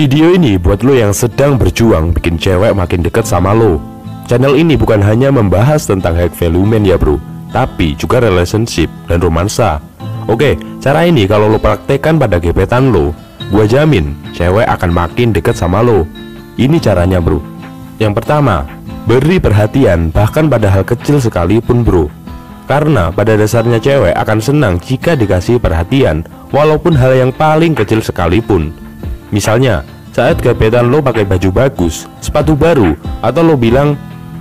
Video ini buat lo yang sedang berjuang bikin cewek makin deket sama lo. Channel ini bukan hanya membahas tentang high value men ya bro, tapi juga relationship dan romansa. Oke, cara ini kalau lo praktekkan pada gebetan lo, Gue jamin cewek akan makin deket sama lo. Ini caranya bro. Yang pertama, beri perhatian bahkan pada hal kecil sekalipun bro. Karena pada dasarnya cewek akan senang jika dikasih perhatian walaupun hal yang paling kecil sekalipun. Misalnya, saat gebetan lo pakai baju bagus, sepatu baru, atau lo bilang,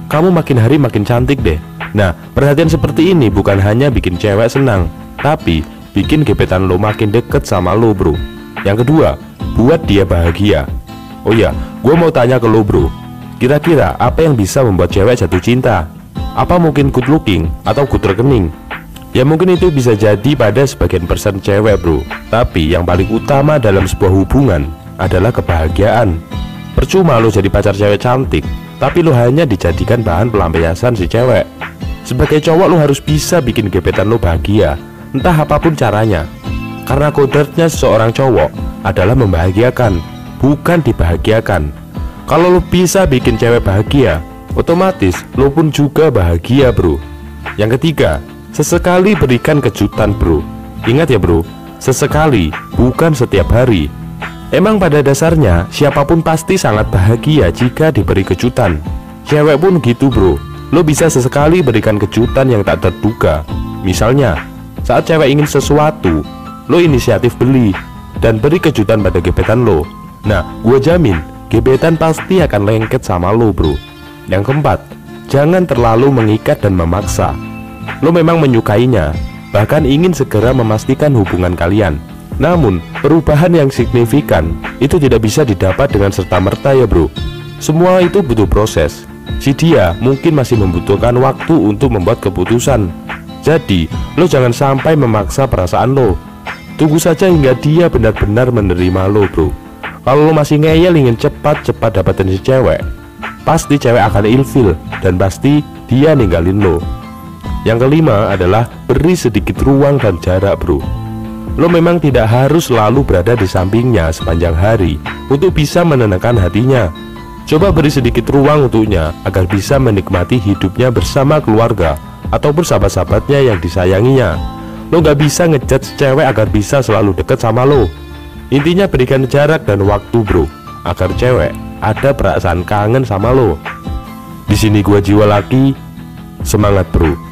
kamu makin hari makin cantik deh. Nah, perhatian seperti ini bukan hanya bikin cewek senang, tapi bikin gebetan lo makin deket sama lo bro. Yang kedua, buat dia bahagia. Oh ya, gue mau tanya ke lo bro, kira-kira apa yang bisa membuat cewek jatuh cinta? Apa mungkin good looking atau good rekening? Ya mungkin itu bisa jadi pada sebagian persen cewek bro Tapi yang paling utama dalam sebuah hubungan adalah kebahagiaan Percuma lo jadi pacar cewek cantik Tapi lo hanya dijadikan bahan pelampiasan si cewek Sebagai cowok lo harus bisa bikin gebetan lo bahagia Entah apapun caranya Karena kodratnya seorang cowok adalah membahagiakan Bukan dibahagiakan Kalau lo bisa bikin cewek bahagia Otomatis lo pun juga bahagia bro Yang ketiga Sesekali berikan kejutan bro Ingat ya bro Sesekali bukan setiap hari Emang pada dasarnya, siapapun pasti sangat bahagia jika diberi kejutan. Cewek pun gitu bro, lo bisa sesekali berikan kejutan yang tak terduga. Misalnya, saat cewek ingin sesuatu, lo inisiatif beli, dan beri kejutan pada gebetan lo. Nah, gue jamin, gebetan pasti akan lengket sama lo bro. Yang keempat, jangan terlalu mengikat dan memaksa. Lo memang menyukainya, bahkan ingin segera memastikan hubungan kalian. Namun, perubahan yang signifikan itu tidak bisa didapat dengan serta-merta ya bro. Semua itu butuh proses. Si dia mungkin masih membutuhkan waktu untuk membuat keputusan. Jadi, lo jangan sampai memaksa perasaan lo. Tunggu saja hingga dia benar-benar menerima lo bro. Kalau lo masih ngeyel ingin cepat-cepat dapetin si cewek, pasti cewek akan ilfil dan pasti dia ninggalin lo. Yang kelima adalah beri sedikit ruang dan jarak bro Lo memang tidak harus selalu berada di sampingnya sepanjang hari untuk bisa menenangkan hatinya. Coba beri sedikit ruang untuknya agar bisa menikmati hidupnya bersama keluarga ataupun sahabat-sahabatnya yang disayanginya. Lo gak bisa ngejat cewek agar bisa selalu deket sama lo. Intinya berikan jarak dan waktu bro, agar cewek ada perasaan kangen sama lo. Di sini gua jiwa laki, semangat bro.